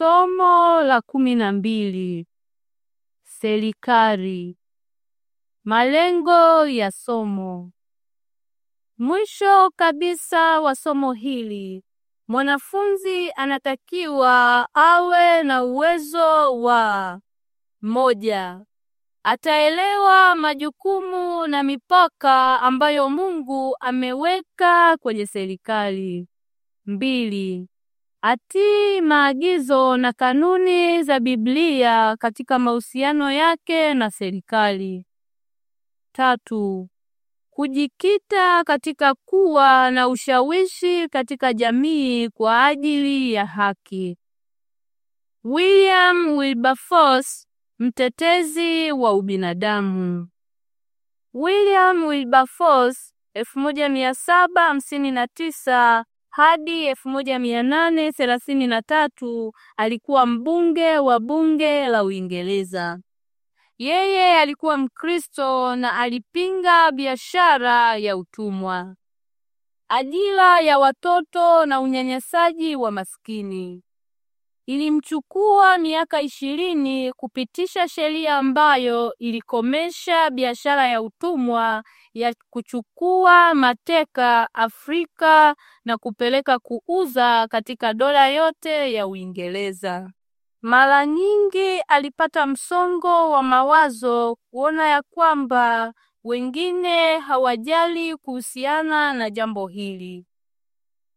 Somo la kumi na mbili. Serikali. Malengo ya somo. Mwisho kabisa wa somo hili, mwanafunzi anatakiwa awe na uwezo wa moja, ataelewa majukumu na mipaka ambayo Mungu ameweka kwenye serikali. Mbili, atii maagizo na kanuni za Biblia katika mahusiano yake na serikali. Tatu, kujikita katika kuwa na ushawishi katika jamii kwa ajili ya haki. William Wilberforce, mtetezi wa ubinadamu. William Wilberforce 1759 hadi elfu alikuwa mbunge wa bunge la Uingereza. Yeye alikuwa Mkristo na alipinga biashara ya utumwa, ajira ya watoto na unyanyasaji wa maskini. Ilimchukua miaka ishirini kupitisha sheria ambayo ilikomesha biashara ya utumwa ya kuchukua mateka Afrika na kupeleka kuuza katika dola yote ya Uingereza. Mara nyingi alipata msongo wa mawazo kuona ya kwamba wengine hawajali kuhusiana na jambo hili.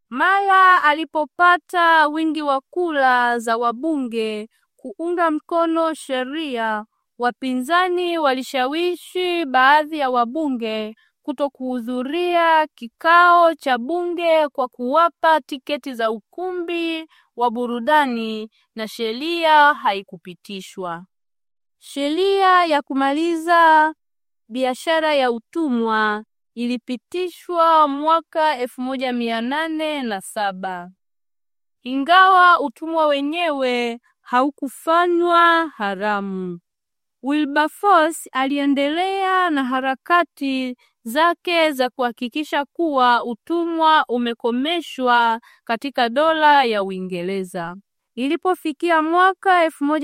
Mara alipopata wingi wa kura za wabunge kuunga mkono sheria, wapinzani walishawishi baadhi ya wabunge kutokuhudhuria kikao cha bunge kwa kuwapa tiketi za ukumbi wa burudani na sheria haikupitishwa. Sheria ya kumaliza biashara ya utumwa ilipitishwa mwaka elfu na saba ingawa utumwa wenyewe haukufanywa haramu. Wilberforce aliendelea na harakati zake za kuhakikisha kuwa utumwa umekomeshwa katika dola ya Uingereza. Ilipofikia mwaka elfu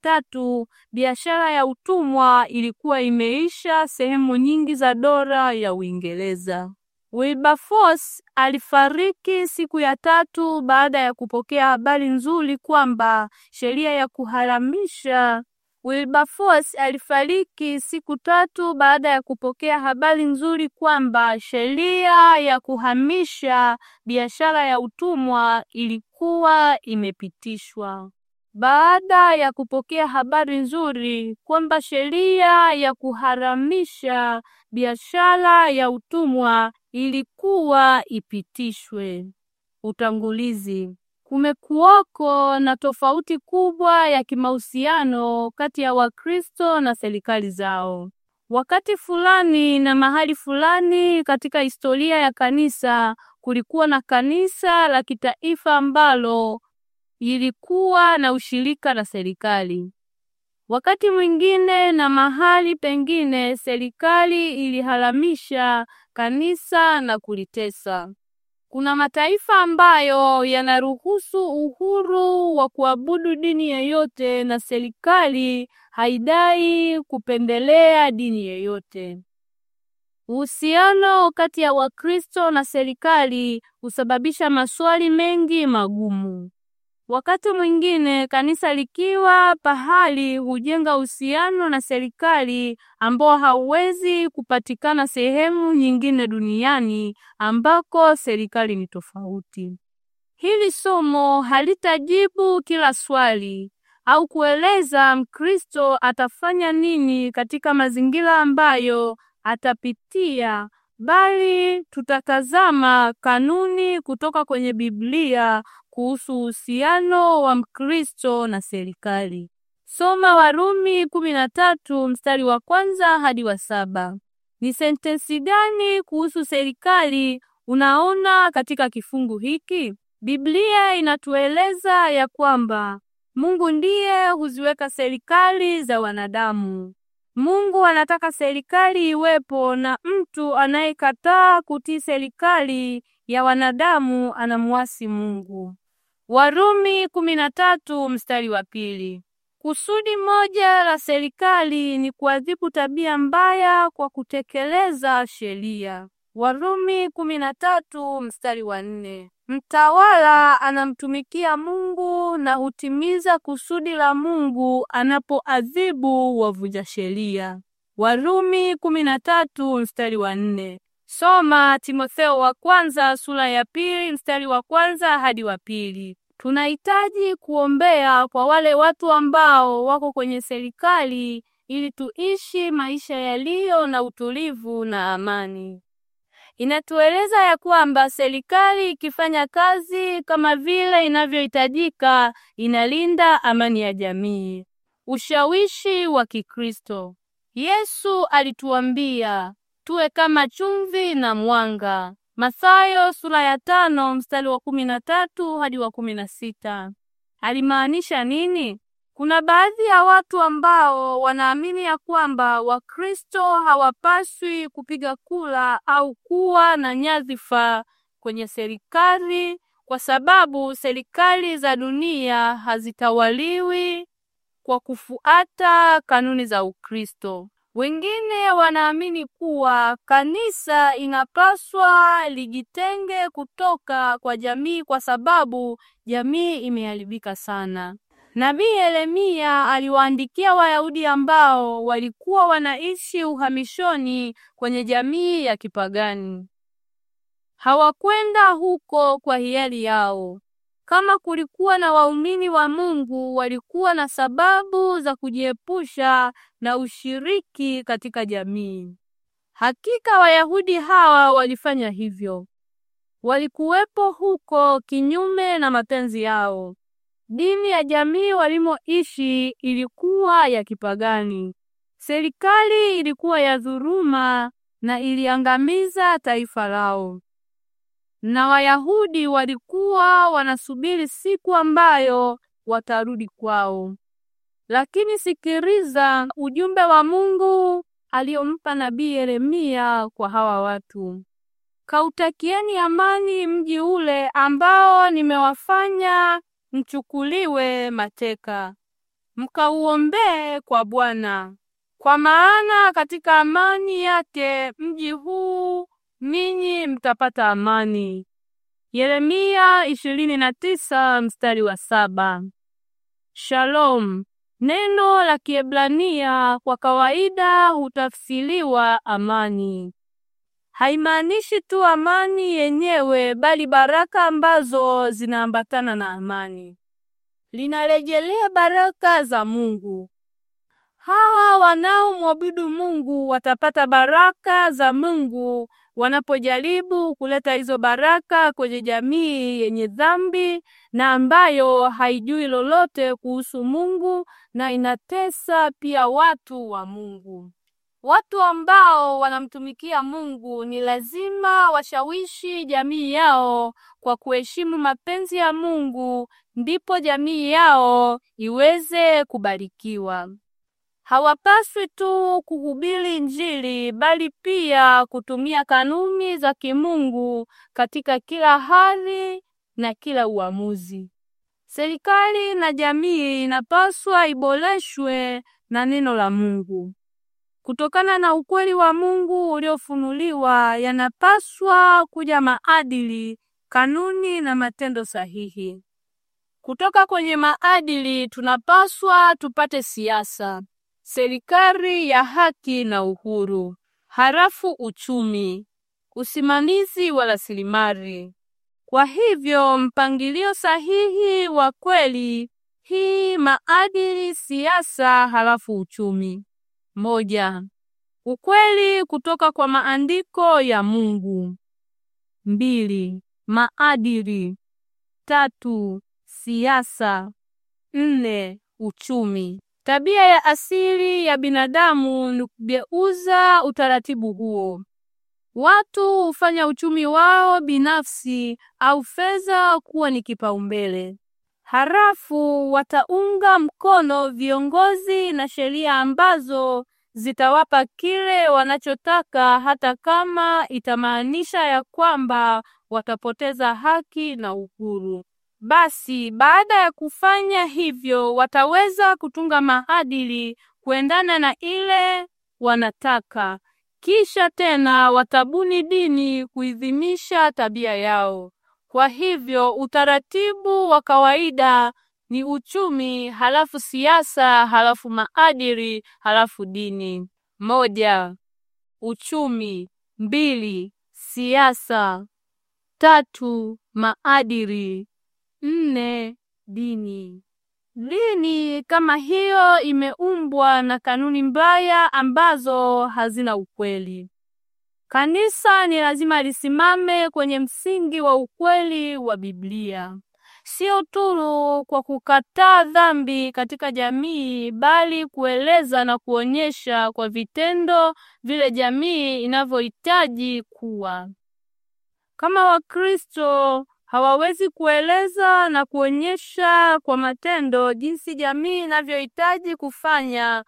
tatu biashara ya utumwa ilikuwa imeisha sehemu nyingi za dola ya Uingereza. Wilberforce alifariki siku ya tatu baada ya kupokea habari nzuri kwamba sheria ya kuharamisha Wilberforce alifariki siku tatu baada ya kupokea habari nzuri kwamba sheria ya kuhamisha biashara ya utumwa ilikuwa imepitishwa. Baada ya kupokea habari nzuri kwamba sheria ya kuharamisha biashara ya utumwa ilikuwa ipitishwe. Utangulizi. Kumekuwako na tofauti kubwa ya kimahusiano kati ya Wakristo na serikali zao. Wakati fulani na mahali fulani katika historia ya kanisa kulikuwa na kanisa la kitaifa ambalo ilikuwa na ushirika na serikali. Wakati mwingine na mahali pengine serikali ilihalamisha kanisa na kulitesa. Kuna mataifa ambayo yanaruhusu uhuru wa kuabudu dini yoyote na serikali haidai kupendelea dini yoyote. Uhusiano kati ya Wakristo na serikali husababisha maswali mengi magumu. Wakati mwingine kanisa likiwa pahali hujenga uhusiano na serikali ambao hauwezi kupatikana sehemu nyingine duniani ambako serikali ni tofauti. Hili somo halitajibu kila swali au kueleza Mkristo atafanya nini katika mazingira ambayo atapitia bali tutatazama kanuni kutoka kwenye Biblia kuhusu uhusiano wa Mkristo na serikali. Soma Warumi 13 mstari wa kwanza hadi wa saba. Ni sentensi gani kuhusu serikali unaona katika kifungu hiki? Biblia inatueleza ya kwamba Mungu ndiye huziweka serikali za wanadamu. Mungu anataka serikali iwepo na mtu anayekataa kutii serikali ya wanadamu anamwasi Mungu. Warumi kumi na tatu mstari wa pili. Kusudi moja la serikali ni kuadhibu tabia mbaya kwa kutekeleza sheria. Warumi 13 mstari wa nne. Mtawala anamtumikia Mungu na hutimiza kusudi la Mungu anapoadhibu wavunja sheria. Warumi 13 mstari wa nne. Soma Timotheo wa kwanza sura ya pili mstari wa kwanza hadi wa pili. Tunahitaji kuombea kwa wale watu ambao wako kwenye serikali ili tuishi maisha yaliyo na utulivu na amani. Inatueleza ya kwamba serikali ikifanya kazi kama vile inavyohitajika inalinda amani ya jamii. Ushawishi wa Kikristo. Yesu alituambia tuwe kama chumvi na mwanga. Mathayo sura ya tano mstari wa kumi na tatu hadi wa kumi na sita. Alimaanisha nini? Kuna baadhi ya watu ambao wanaamini ya kwamba Wakristo hawapaswi kupiga kura au kuwa na nyadhifa kwenye serikali kwa sababu serikali za dunia hazitawaliwi kwa kufuata kanuni za Ukristo. Wengine wanaamini kuwa kanisa inapaswa lijitenge kutoka kwa jamii kwa sababu jamii imeharibika sana. Nabii Yeremia aliwaandikia Wayahudi ambao walikuwa wanaishi uhamishoni kwenye jamii ya kipagani. Hawakwenda huko kwa hiari yao. Kama kulikuwa na waumini wa Mungu, walikuwa na sababu za kujiepusha na ushiriki katika jamii. Hakika Wayahudi hawa walifanya hivyo. Walikuwepo huko kinyume na mapenzi yao. Dini ya jamii walimoishi ilikuwa ya kipagani. Serikali ilikuwa ya dhuruma na iliangamiza taifa lao. Na Wayahudi walikuwa wanasubiri siku ambayo watarudi kwao. Lakini sikiliza ujumbe wa Mungu aliyompa nabii Yeremia kwa hawa watu. Kautakieni amani mji ule ambao nimewafanya mchukuliwe mateka, mkauombee kwa Bwana, kwa maana katika amani yake mji huu ninyi mtapata amani. Yeremia 29 mstari wa saba. Shalom. Neno la Kiebrania kwa kawaida hutafsiriwa amani haimaanishi tu amani yenyewe bali baraka ambazo zinaambatana na amani. Linarejelea baraka za Mungu. Hawa wanaomwabudu Mungu watapata baraka za Mungu wanapojaribu kuleta hizo baraka kwenye jamii yenye dhambi na ambayo haijui lolote kuhusu Mungu na inatesa pia watu wa Mungu. Watu ambao wanamtumikia Mungu ni lazima washawishi jamii yao kwa kuheshimu mapenzi ya Mungu, ndipo jamii yao iweze kubarikiwa. Hawapaswi tu kuhubiri Injili bali pia kutumia kanuni za kimungu katika kila hali na kila uamuzi. Serikali na jamii inapaswa iboreshwe na neno la Mungu kutokana na ukweli wa Mungu uliofunuliwa, yanapaswa kuja maadili, kanuni na matendo sahihi. Kutoka kwenye maadili tunapaswa tupate siasa, serikali ya haki na uhuru, harafu uchumi, usimamizi wa rasilimali. Kwa hivyo mpangilio sahihi wa kweli hii maadili, siasa, halafu uchumi. Moja, ukweli kutoka kwa maandiko ya Mungu. Mbili, maadili. Tatu, siasa. Nne, uchumi. Tabia ya asili ya binadamu ni kugeuza utaratibu huo. Watu hufanya uchumi wao binafsi au fedha kuwa ni kipaumbele harafu wataunga mkono viongozi na sheria ambazo zitawapa kile wanachotaka hata kama itamaanisha ya kwamba watapoteza haki na uhuru. Basi baada ya kufanya hivyo, wataweza kutunga maadili kuendana na ile wanataka. Kisha tena watabuni dini kuidhimisha tabia yao. Kwa hivyo utaratibu wa kawaida ni uchumi, halafu siasa, halafu maadili, halafu dini. Moja, uchumi. Mbili, siasa. Tatu, maadili. Nne, dini. Dini kama hiyo imeumbwa na kanuni mbaya ambazo hazina ukweli. Kanisa ni lazima lisimame kwenye msingi wa ukweli wa Biblia, sio tu kwa kukataa dhambi katika jamii, bali kueleza na kuonyesha kwa vitendo vile jamii inavyohitaji kuwa. Kama Wakristo hawawezi kueleza na kuonyesha kwa matendo jinsi jamii inavyohitaji kufanya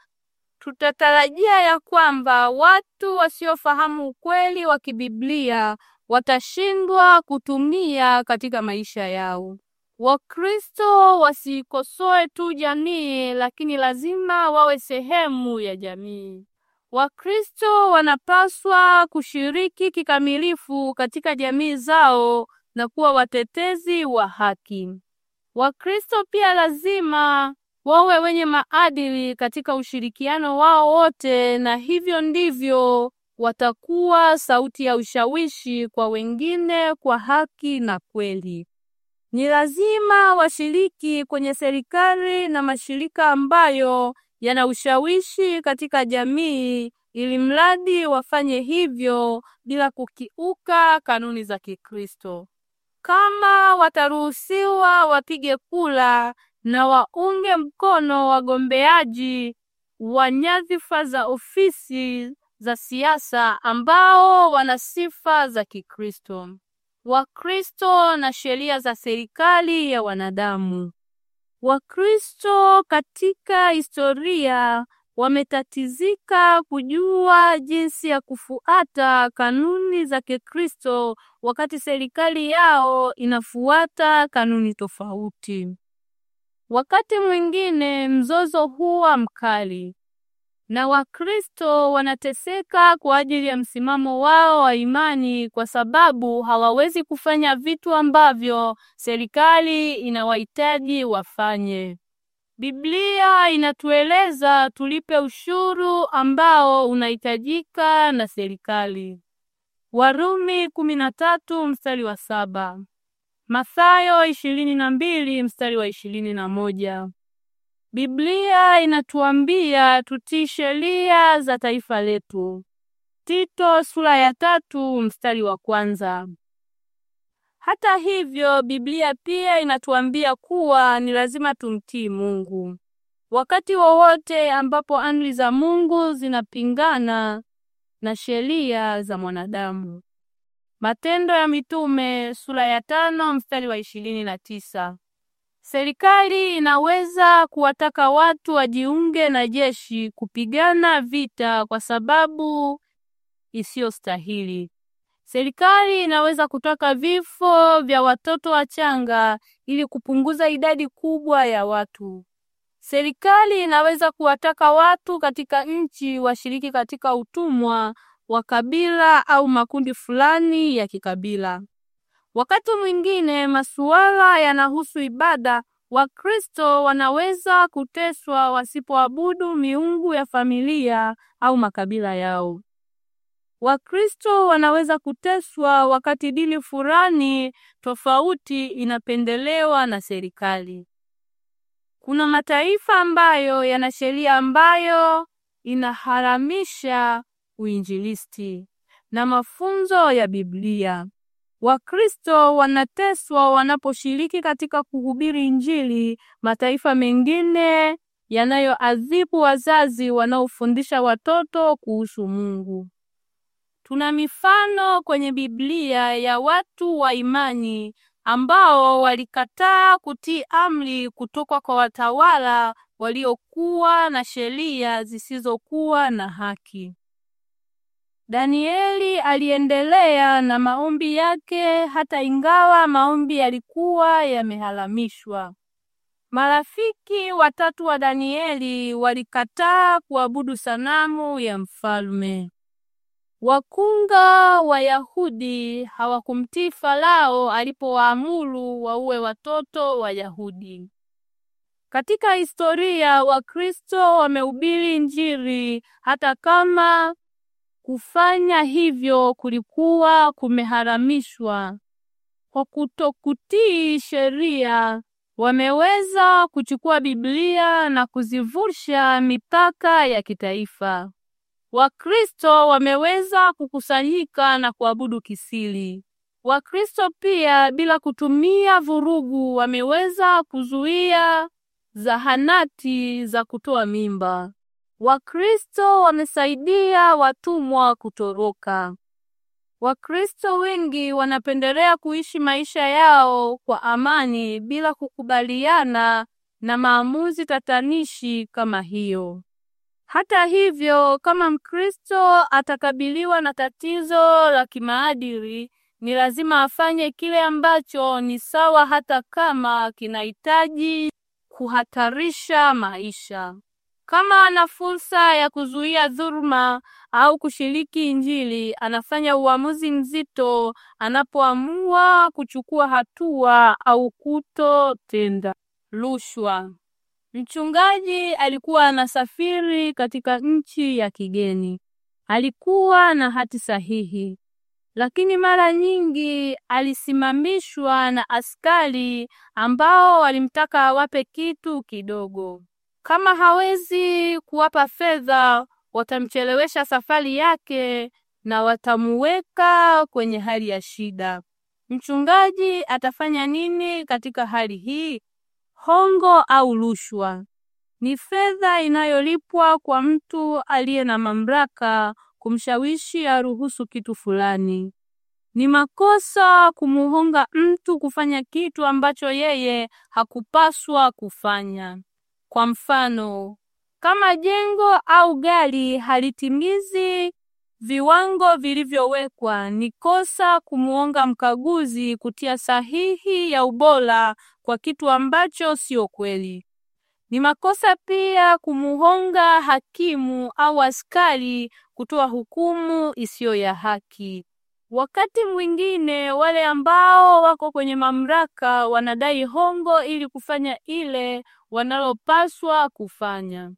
Tutatarajia ya kwamba watu wasiofahamu ukweli wa kibiblia watashindwa kutumia katika maisha yao. Wakristo wasikosoe tu jamii, lakini lazima wawe sehemu ya jamii. Wakristo wanapaswa kushiriki kikamilifu katika jamii zao na kuwa watetezi wa haki. Wakristo pia lazima wawe wenye maadili katika ushirikiano wao wote, na hivyo ndivyo watakuwa sauti ya ushawishi kwa wengine kwa haki na kweli. Ni lazima washiriki kwenye serikali na mashirika ambayo yana ushawishi katika jamii, ili mradi wafanye hivyo bila kukiuka kanuni za Kikristo. Kama wataruhusiwa wapige kura na waunge mkono wagombeaji wa nyadhifa za ofisi za siasa ambao wana sifa za Kikristo, Wakristo na sheria za serikali ya wanadamu. Wakristo katika historia wametatizika kujua jinsi ya kufuata kanuni za Kikristo wakati serikali yao inafuata kanuni tofauti. Wakati mwingine mzozo huwa mkali na Wakristo wanateseka kwa ajili ya msimamo wao wa imani kwa sababu hawawezi kufanya vitu ambavyo serikali inawahitaji wafanye. Biblia inatueleza tulipe ushuru ambao unahitajika na serikali. Warumi 13 mstari wa saba. Mathayo ishirini na mbili mstari wa ishirini na moja. Biblia inatuambia tutii sheria za taifa letu. Tito sura ya tatu mstari wa kwanza. Hata hivyo, Biblia pia inatuambia kuwa ni lazima tumtii Mungu. Wakati wowote ambapo amri za Mungu zinapingana na sheria za mwanadamu, Matendo ya Mitume sura ya tano mstari wa ishirini na tisa. Serikali inaweza kuwataka watu wajiunge na jeshi kupigana vita kwa sababu isiyostahili. Serikali inaweza kutaka vifo vya watoto wachanga ili kupunguza idadi kubwa ya watu. Serikali inaweza kuwataka watu katika nchi washiriki katika utumwa wa kabila au makundi fulani ya kikabila. Wakati mwingine masuala yanahusu ibada, Wakristo wanaweza kuteswa wasipoabudu miungu ya familia au makabila yao. Wakristo wanaweza kuteswa wakati dini fulani tofauti inapendelewa na serikali. Kuna mataifa ambayo yana sheria ambayo inaharamisha uinjilisti na mafunzo ya Biblia. Wakristo wanateswa wanaposhiriki katika kuhubiri Injili mataifa mengine yanayoadhibu wazazi wanaofundisha watoto kuhusu Mungu. Tuna mifano kwenye Biblia ya watu wa imani ambao walikataa kutii amri kutoka kwa watawala waliokuwa na sheria zisizokuwa na haki. Danieli aliendelea na maombi yake hata ingawa maombi yalikuwa yamehalamishwa. Marafiki watatu wa Danieli walikataa kuabudu sanamu ya mfalme. Wakunga Wayahudi hawakumtii Farao alipowaamuru waue watoto Wayahudi. Katika historia Wakristo wamehubiri Injili hata kama Kufanya hivyo kulikuwa kumeharamishwa. Kwa kutokutii sheria, wameweza kuchukua Biblia na kuzivusha mipaka ya kitaifa. Wakristo wameweza kukusanyika na kuabudu kisiri. Wakristo pia bila kutumia vurugu wameweza kuzuia zahanati za kutoa mimba. Wakristo wamesaidia watumwa kutoroka. Wakristo wengi wanapendelea kuishi maisha yao kwa amani bila kukubaliana na maamuzi tatanishi kama hiyo. Hata hivyo, kama Mkristo atakabiliwa na tatizo la kimaadili, ni lazima afanye kile ambacho ni sawa hata kama kinahitaji kuhatarisha maisha. Kama ana fursa ya kuzuia dhuruma au kushiriki Injili, anafanya uamuzi mzito anapoamua kuchukua hatua au kutotenda. Rushwa. Mchungaji alikuwa anasafiri katika nchi ya kigeni. Alikuwa na hati sahihi, lakini mara nyingi alisimamishwa na askari ambao walimtaka awape kitu kidogo. Kama hawezi kuwapa fedha, watamchelewesha safari yake na watamuweka kwenye hali ya shida. Mchungaji atafanya nini katika hali hii? Hongo au rushwa ni fedha inayolipwa kwa mtu aliye na mamlaka kumshawishi aruhusu kitu fulani. Ni makosa kumuhonga mtu kufanya kitu ambacho yeye hakupaswa kufanya. Kwa mfano, kama jengo au gari halitimizi viwango vilivyowekwa, ni kosa kumuonga mkaguzi kutia sahihi ya ubora kwa kitu ambacho sio kweli. Ni makosa pia kumuhonga hakimu au askari kutoa hukumu isiyo ya haki. Wakati mwingine wale ambao wako kwenye mamlaka wanadai hongo ili kufanya ile wanalopaswa kufanya.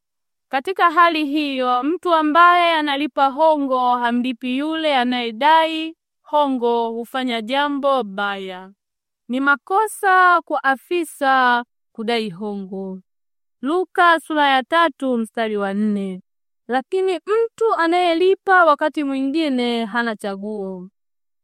Katika hali hiyo, mtu ambaye analipa hongo hamlipi yule anayedai hongo hufanya jambo baya. Ni makosa kwa afisa kudai hongo. Luka sura ya tatu mstari wa nne. Lakini mtu anayelipa wakati mwingine hana chaguo.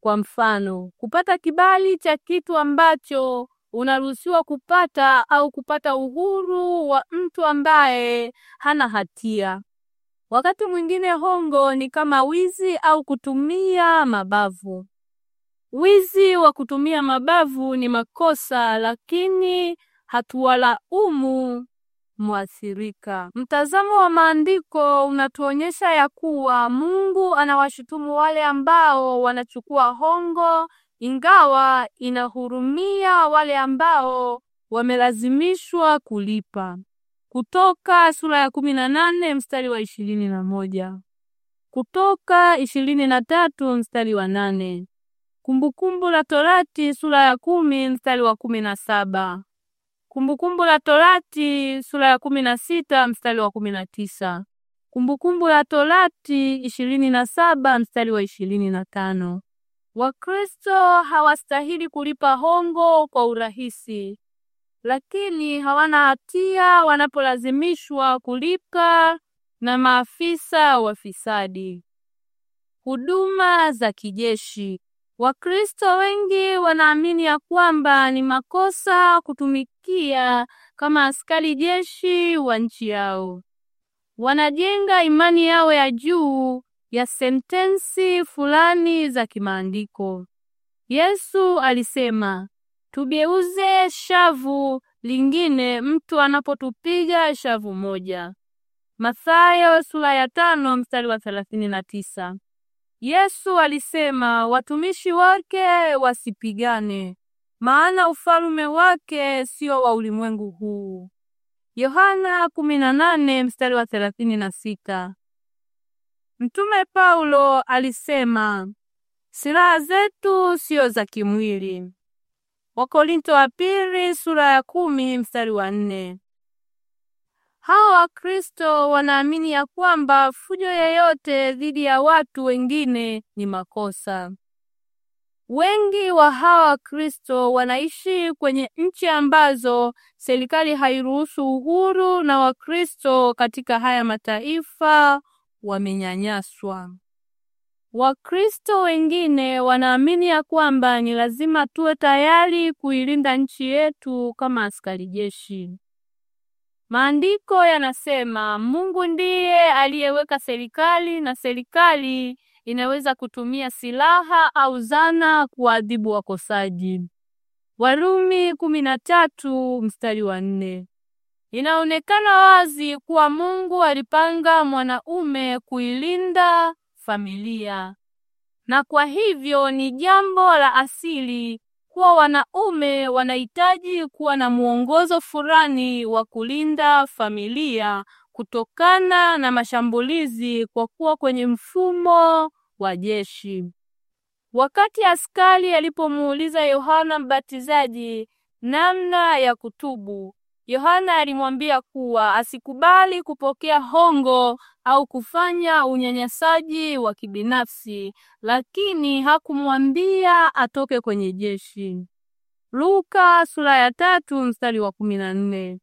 Kwa mfano, kupata kibali cha kitu ambacho unaruhusiwa kupata au kupata uhuru wa mtu ambaye hana hatia. Wakati mwingine hongo ni kama wizi au kutumia mabavu. Wizi wa kutumia mabavu ni makosa, lakini hatuwalaumu mwathirika. Mtazamo wa maandiko unatuonyesha ya kuwa Mungu anawashutumu wale ambao wanachukua hongo, ingawa inahurumia wale ambao wamelazimishwa kulipa. Kutoka sura ya 18 mstari wa ishirini na moja. Kutoka ishirini na tatu mstari wa nane. Kumbukumbu la Torati sura ya kumi mstari wa kumi saba. Kumbukumbu la Torati sura ya kumi na sita mstari wa kumi na tisa. Kumbukumbu la Torati ishirini na saba mstari wa ishirini na tano. Wakristo hawastahili kulipa hongo kwa urahisi, lakini hawana hatia wanapolazimishwa kulipa na maafisa wafisadi. Huduma za kijeshi. Wakristo wengi wanaamini ya kwamba ni makosa kutumikia kama askari jeshi wa nchi yao. Wanajenga imani yao ya juu ya sentensi fulani za kimaandiko. Yesu alisema, tugeuze shavu lingine mtu anapotupiga shavu moja. Mathayo sura ya tano mstari wa thelathini na tisa. Yesu alisema watumishi wake wasipigane, maana ufalme wake sio wa ulimwengu huu. Yohana 18 mstari wa thelathini na sita. Mtume Paulo alisema silaha zetu sio za kimwili. Wakorinto wa pili sura ya kumi mstari wa nne. Hawa Wakristo wanaamini ya kwamba fujo yeyote dhidi ya watu wengine ni makosa. Wengi wa hawa Wakristo wanaishi kwenye nchi ambazo serikali hairuhusu uhuru na Wakristo katika haya mataifa wamenyanyaswa. Wakristo wengine wanaamini ya kwamba ni lazima tuwe tayari kuilinda nchi yetu kama askari jeshi. Maandiko yanasema Mungu ndiye aliyeweka serikali na serikali inaweza kutumia silaha au zana kuadhibu wakosaji. Warumi 13 mstari wa nne. Inaonekana wazi kuwa Mungu alipanga mwanaume kuilinda familia na kwa hivyo ni jambo la asili kuwa wanaume wanahitaji kuwa na mwongozo fulani wa kulinda familia kutokana na mashambulizi kwa kuwa kwenye mfumo wa jeshi. Wakati askari alipomuuliza Yohana Mbatizaji namna ya kutubu, Yohana alimwambia kuwa asikubali kupokea hongo au kufanya unyanyasaji wa kibinafsi, lakini hakumwambia atoke kwenye jeshi. Luka sura ya tatu mstari wa kumi na nne.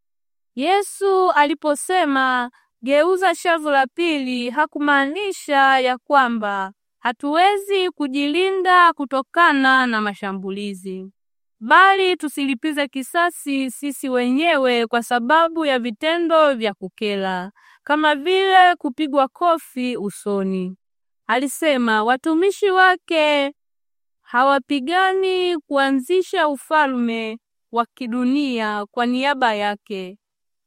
Yesu aliposema geuza shavu la pili, hakumaanisha ya kwamba hatuwezi kujilinda kutokana na mashambulizi, bali tusilipize kisasi sisi wenyewe kwa sababu ya vitendo vya kukela kama vile kupigwa kofi usoni. Alisema watumishi wake hawapigani kuanzisha ufalme wa kidunia kwa niaba yake,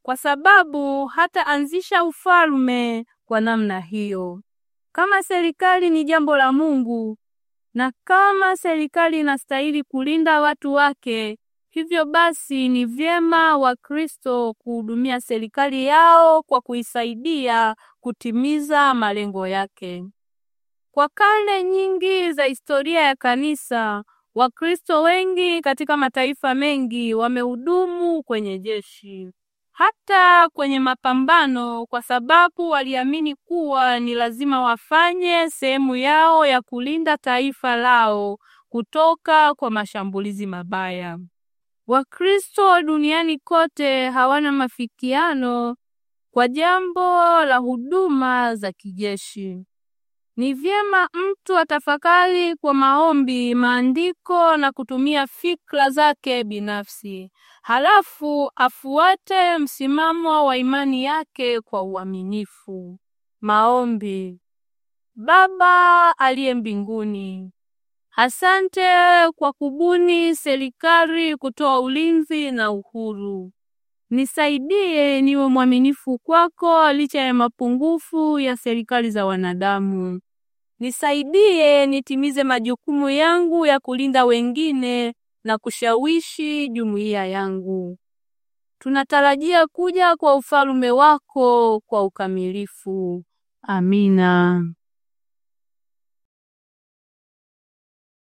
kwa sababu hataanzisha ufalme kwa namna hiyo. Kama serikali ni jambo la Mungu na kama serikali inastahili kulinda watu wake Hivyo basi ni vyema Wakristo kuhudumia serikali yao kwa kuisaidia kutimiza malengo yake. Kwa karne nyingi za historia ya kanisa, Wakristo wengi katika mataifa mengi wamehudumu kwenye jeshi, hata kwenye mapambano, kwa sababu waliamini kuwa ni lazima wafanye sehemu yao ya kulinda taifa lao kutoka kwa mashambulizi mabaya. Wakristo duniani kote hawana mafikiano kwa jambo la huduma za kijeshi. Ni vyema mtu atafakari kwa maombi, maandiko na kutumia fikra zake binafsi, halafu afuate msimamo wa imani yake kwa uaminifu. Maombi. Baba aliye mbinguni, Asante eh, kwa kubuni serikali kutoa ulinzi na uhuru. Nisaidie niwe mwaminifu kwako licha ya mapungufu ya serikali za wanadamu. Nisaidie nitimize majukumu yangu ya kulinda wengine na kushawishi jumuiya yangu. Tunatarajia kuja kwa ufalume wako kwa ukamilifu. Amina.